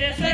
Yes, sir.